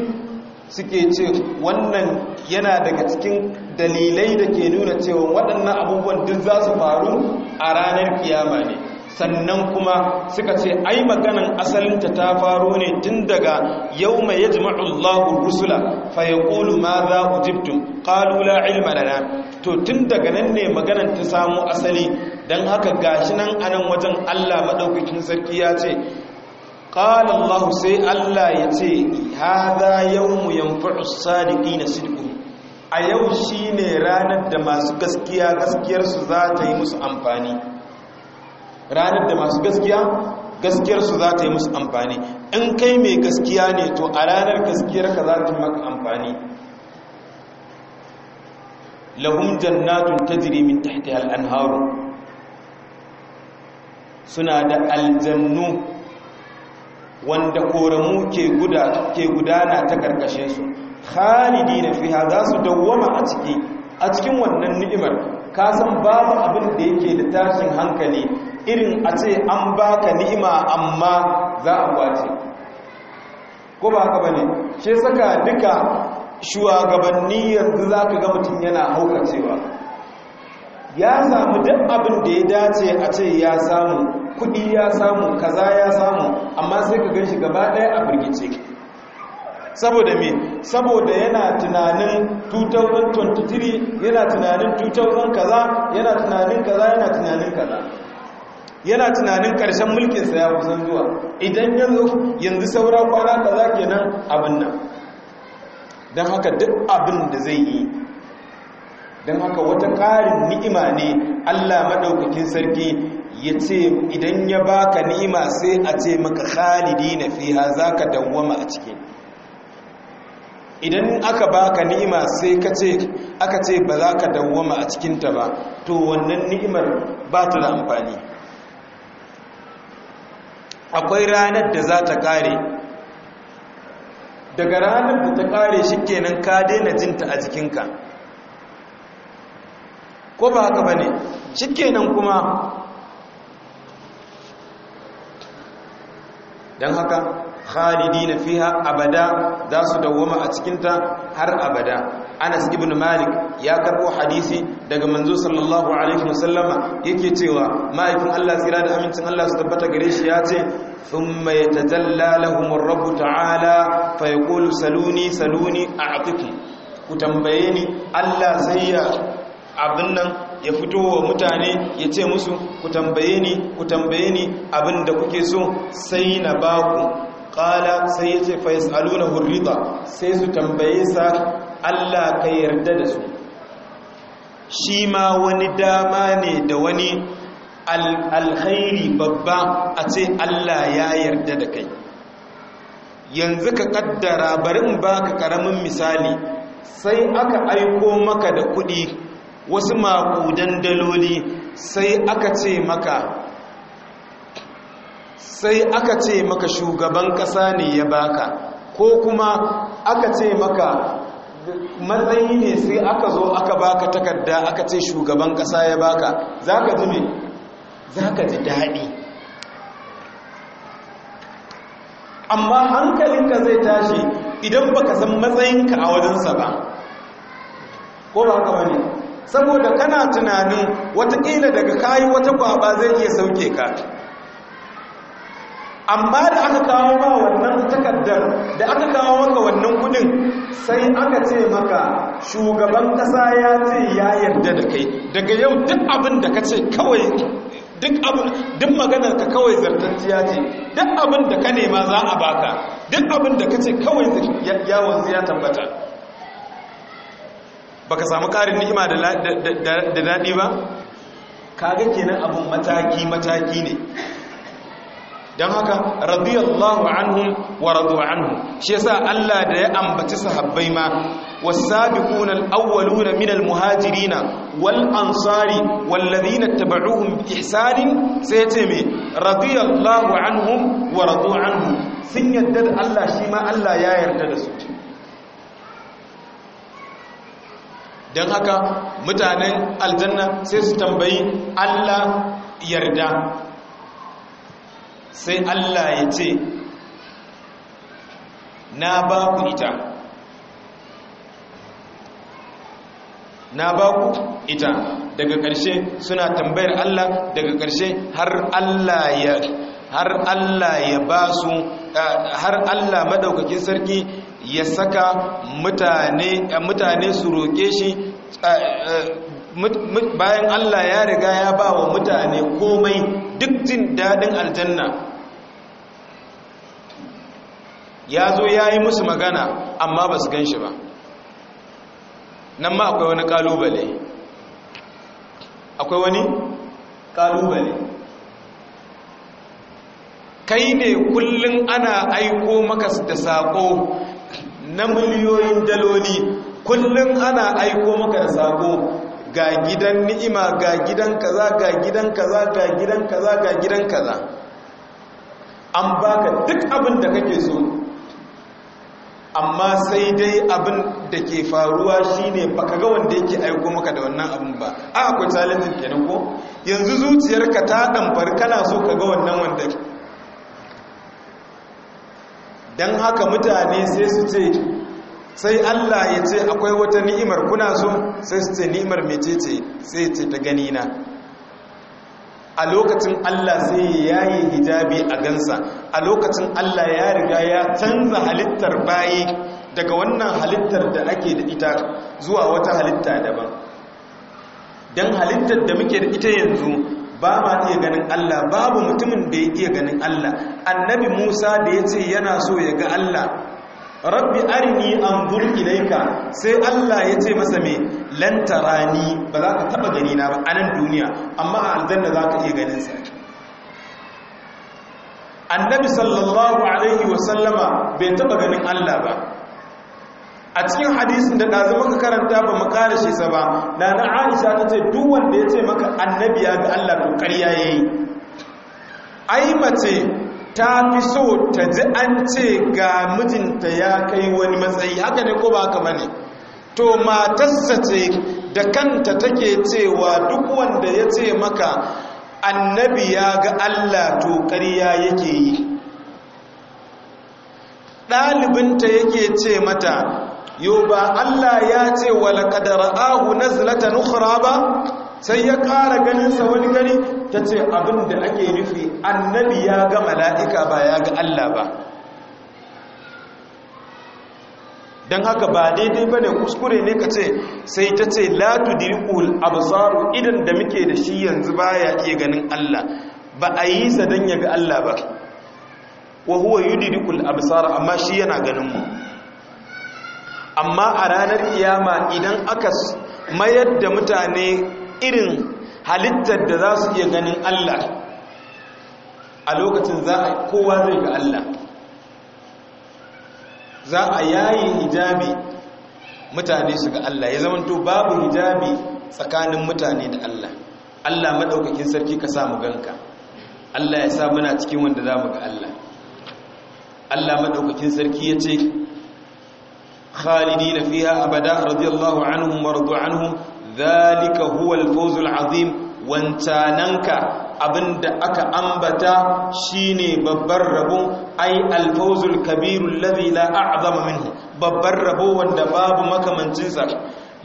suke ce wannan yana daga cikin dalilai da ke nuna cewa waɗannan abubuwan duk za su faru a ranar kiyama ne sannan kuma suka ce ai maganan asalinta ta faru ne tun daga yau mai ya jima'ullahu rusula faye ƙolu ma za ku jibtun ƙalula ilmanana to tun daga nan ne maganan ta samu asali don haka gashi nan anan wajen allah maɗaukakin sarki ya ce qala allah sai allah yace hada yawmu yanfa'u sadiqina sidqu a yau shine ranar da masu gaskiya gaskiyarsu za ta yi musu amfani ranar da masu gaskiya gaskiyarsu za ta yi musu amfani in kai mai gaskiya ne to a ranar gaskiyarka za ta yi maka amfani lahum jannatun tajri min tahtiha al-anharu suna da aljannu wanda koramu ke gudana ta karkashe su khalidina fiha za su dawwama a ciki a cikin wannan ni'imar ka san babu abin da yake da tashin hankali irin a ce an baka ni'ima amma za a kwace ko ba haka bane shi saka duka shugabanni yanzu zaka ga mutum yana haukacewa ya samu duk abin da ya dace a ce ya samu kuɗi ya samu kaza ya samu amma sai ka gan shi gaba ɗaya a firgice saboda me saboda yana tunanin 2023 yana tunanin 2000 kaza yana tunanin kaza yana tunanin kaza yana tunanin ƙarshen mulkinsa ya kusan zuwa idan yanzu yanzu saura kwana kaza kenan abin nan don haka duk abin da zai yi don haka wata ƙarin ni'ima ne allah maɗaukakin sarki ya ce idan ya baka ni'ima sai a ce maka khalidi na fiha za ka dawwama a cikin idan aka baka ni'ima sai aka ce ba za ka dawwama a cikinta ba to wannan ni'imar ba ta da amfani akwai ranar da za ta ƙare daga ranar da ta ƙare shi kenan ka daina jinta a jikinka ko ba haka ba ne shikenan kuma dan haka khalidina fiha abada za su dawwama a cikinta har abada Anas ibn Malik ya karbo hadisi daga manzo sallallahu alaihi wasallama yake cewa ma'aikin Allah tsira da amincin Allah su tabbata gare shi ya ce thumma yatajalla lahum ar-rabb ta'ala fa yaqulu saluni saluni a'tiku ku tambaye ni Allah sai ya abin nan ya fito wa mutane ya ce musu ku tambaye ni ku tambaye ni abin da kuke so sai na ba ku." kala sai ya ce fayas aluna hurrida sai su tambaye sa allah ka yarda da su shi ma wani dama ne da wani alkhairi babba a ce allah ya yarda da kai yanzu ka kaddara bari in ka karamin misali sai aka aiko maka da kuɗi wasu makudan daloli sai aka ce maka sai aka ce maka shugaban ƙasa ne ya baka ko kuma aka ce maka matsayi ne sai aka zo aka baka takarda aka ce shugaban ƙasa ya baka za ka ji me za ka ji daɗi amma hankalinka zai tashi idan baka san matsayinka a wajensa ba ko ba haka wani saboda kana tunanin watakila daga kayi wata kwaba zai iya sauke ka amma da aka kawo ba wannan takardar da aka kawo maka wannan kudin sai aka ce maka shugaban kasa ya ce ya yarda da kai daga yau duk abin da ka ce kawai duk abin duk maganar ka kawai zartacciya ce duk abin da ka nema za a baka duk abin da ka ce kawai yawon ya tabbata baka samu ƙarin ni'ima da daɗi ba kaga kenan abun mataki mataki ne don haka radiyallahu anhu wa radu anhum shi yasa Allah da ya ambaci sahabbai ma was-sabiquna al-awwaluna minal al-muhajirin wal-ansari wal-ladhina ittaba'uuhum hun ihsanin sai yace mai radiyallahu anhu wa radu anhum sun yadda da Allah shi ma Allah ya yarda da su don haka mutanen aljanna sai su tambayi allah yarda sai allah ya ce na ba ku ita na ba ku ita daga ƙarshe suna tambayar allah daga ƙarshe har allah ya har allah ya ba su eh, har allah madaukakin sarki ya saka eh, mutane su roƙe shi eh, eh, bayan Allah ya riga ya ba wa mutane komai duk jin daɗin aljanna ya zo ya yi musu magana amma ba su gan shi ba nan ma akwai wani ƙalubale akwai wani ƙalubale kai ne kullum ana aiko makas da saƙo na miliyoyin daloli kullum ana aiko maka da sako ga gidan ni'ima ga gidan kaza ga gidan kaza ga gidan kaza ga gidan kaza an baka duk abin da kake so amma sai dai abin da ke faruwa shine baka ga wanda yake aiko maka da wannan abin ba a akwai talibin kenan ko yanzu zuciyarka ta damfar kana so ka ga wannan wanda don haka mutane sai su ce sai Allah ya ce akwai wata ni'imar kuna so sai su ce ni'imar mecece sai ce ta gani na a lokacin Allah sai ya yi hijabi a gansa a lokacin Allah ya riga ya canza halittar bayi daga wannan halittar da ake da ita zuwa wata halitta daban don halittar da muke da ita yanzu ba ma iya ganin Allah babu mutumin da ya iya ganin Allah annabi Musa da ya ce yana so ya ga Allah rabbi arini an ilaika sai Allah ya ce masa me lan tarani ba za ka taba gani na ba a nan duniya amma a aljanna za ka iya ganin sa annabi sallallahu alaihi wasallama bai taba ganin Allah ba a cikin hadisin da ɗazu maka karanta ba mu kare shi sa ba na na aisha ta ce duk wanda ya ce maka annabi ya allah to ƙarya ya yi ai mace ta fi so ta ji an ce ga mijinta ya kai wani matsayi haka ne ko ba haka ba ne to matarsa ce da kanta take cewa duk wanda ya ce maka annabi ya ga allah to ƙarya yake yi ɗalibinta yake ce mata yau ba Allah ya ce ahu ra'ahu zilata nufura ba sai ya ƙara ganinsa wani gani ta ce abin da ake nufi annabi ya ga mala'ika ba ya ga Allah ba don haka ba daidai ba ne kuskure ne ka ce sai ta ce latu dirikul absaru idan da muke da shi yanzu baya iya ganin Allah ba a yi sa don ya ga Allah ba wa huwa yudrikul absar amma shi yana ganin mu amma a ranar kiyama idan aka mayar da mutane irin halittar da za su iya ganin Allah a lokacin za a kowa zai ga Allah za a yayi hijabi mutane su ga Allah ya zama to babu hijabi tsakanin mutane da Allah Allah maɗaukakin sarki ka samu ganka Allah ya sa muna cikin wanda za mu ga Allah Allah maɗaukakin sarki ya ce خالدين فيها أبدا رضي الله عنهم ورضوا عنهم ذلك هو الفوز العظيم wancananka abinda aka ambata shine babbar rabo ai alfawzul kabiru alladhi la a'zama minhu babbar rabo wanda babu makamancinsa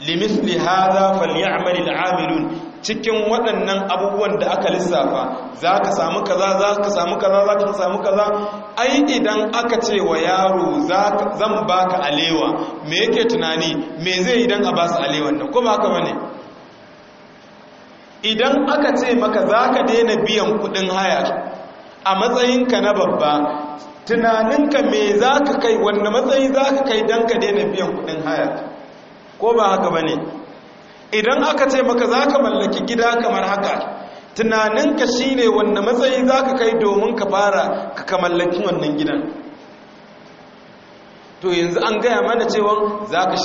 limithli hadha falyamal al'amilun cikin waɗannan abubuwan da aka lissafa za ka samu kaza za ka samu kaza za ka samu kaza ai idan aka ce wa yaro zan ba ka alewa me yake tunani me zai idan a ba su alewan nan kuma haka wane idan aka ce maka za ka daina biyan kudin haya a matsayinka na babba tunaninka me za ka kai wanda matsayi za ka kai don ka daina biyan kudin haya ko ba haka bane idan aka ce maka za ka mallaki gida kamar haka tunaninka shi ne wanda matsayi za ka kai domin ka fara ka mallaki wannan gidan to yanzu an gaya mana cewa za ka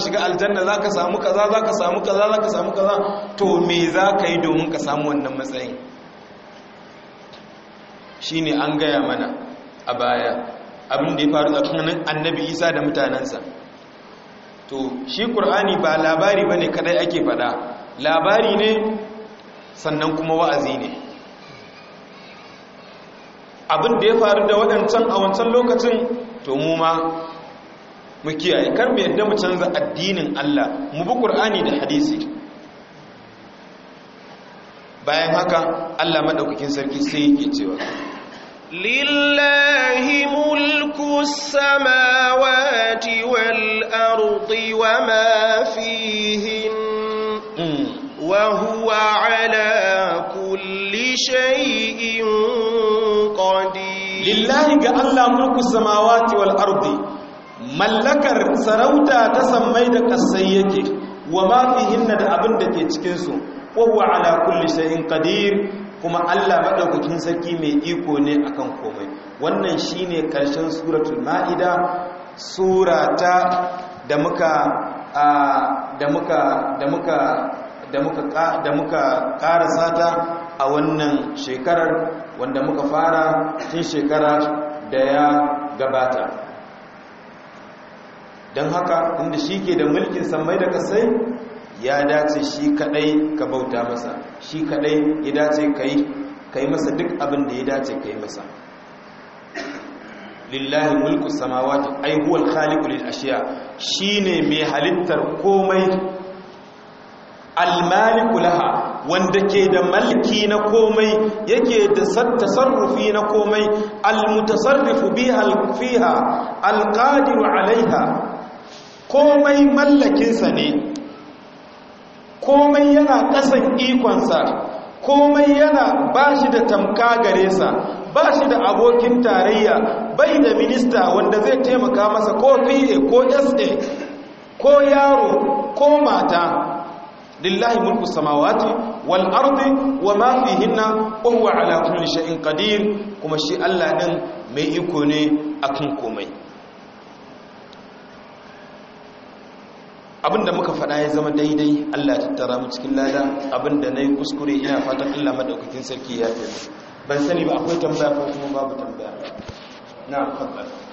shiga aljanna za ka samu kaza za ka samu kaza za ka samu kaza to me za ka yi domin ka samu wannan matsayin shi ne an gaya mana a baya abin da ya faru tsakanin annabi isa da mutanensa to shi ƙur'ani ba labari ba ne kadai ake faɗa labari ne sannan kuma wa'azi ne abin da ya faru da waɗancan a wancan lokacin to mu ma mu kiyaye kar mu yadda mu canza addinin Allah mu bi ƙur'ani da hadisi bayan haka Allah maɗaukakin sarki sai yake cewa لله ملك السماوات والأرض وما فيهن وهو على كل شيء قدير لله ga Allah mulku samawati wal ardi mallakar sarauta ta sammai da kasai yake wa ma fihinna da abin da ke cikin su wa ala kulli shay'in kadir. kuma Allah maɗaukacin sarki mai iko ne akan komai wannan shine ƙarshen suratul ma'ida surata da muka ƙara sata a wannan shekarar wanda muka fara tun shekara da ya gabata don haka inda shi ke da mulkin samai da kasai ya dace shi kadai ka bauta masa shi kadai ya dace ka yi masa duk abin da ya dace ka yi masa lillahi mulku samawati ai huwa al-khaliqu lil ashiya shine mai halittar komai al-maliku laha wanda ke da malki na komai yake da tasarrufi na komai al-mutasarrifu biha fiha al-qadiru alaiha komai mallakinsa ne komai yana ƙasan ikonsa komai yana ba shi da tamka gare sa ba shi da abokin tarayya bai da minista wanda zai taimaka masa ko pa ko sa ko yaro ko mata lillahi mulku samawati wal ardi wa ma fihinna huwa ala kulli shay'in qadir kuma shi Allah din mai iko ne akan komai abinda muka faɗa ya zama daidai Allah ya tattara mu cikin lada abinda na yi kuskure ina fatan Allah madaukakin sarki ya fi ban sani ba akwai tambaya ko kuma babu tambaya na kwanbar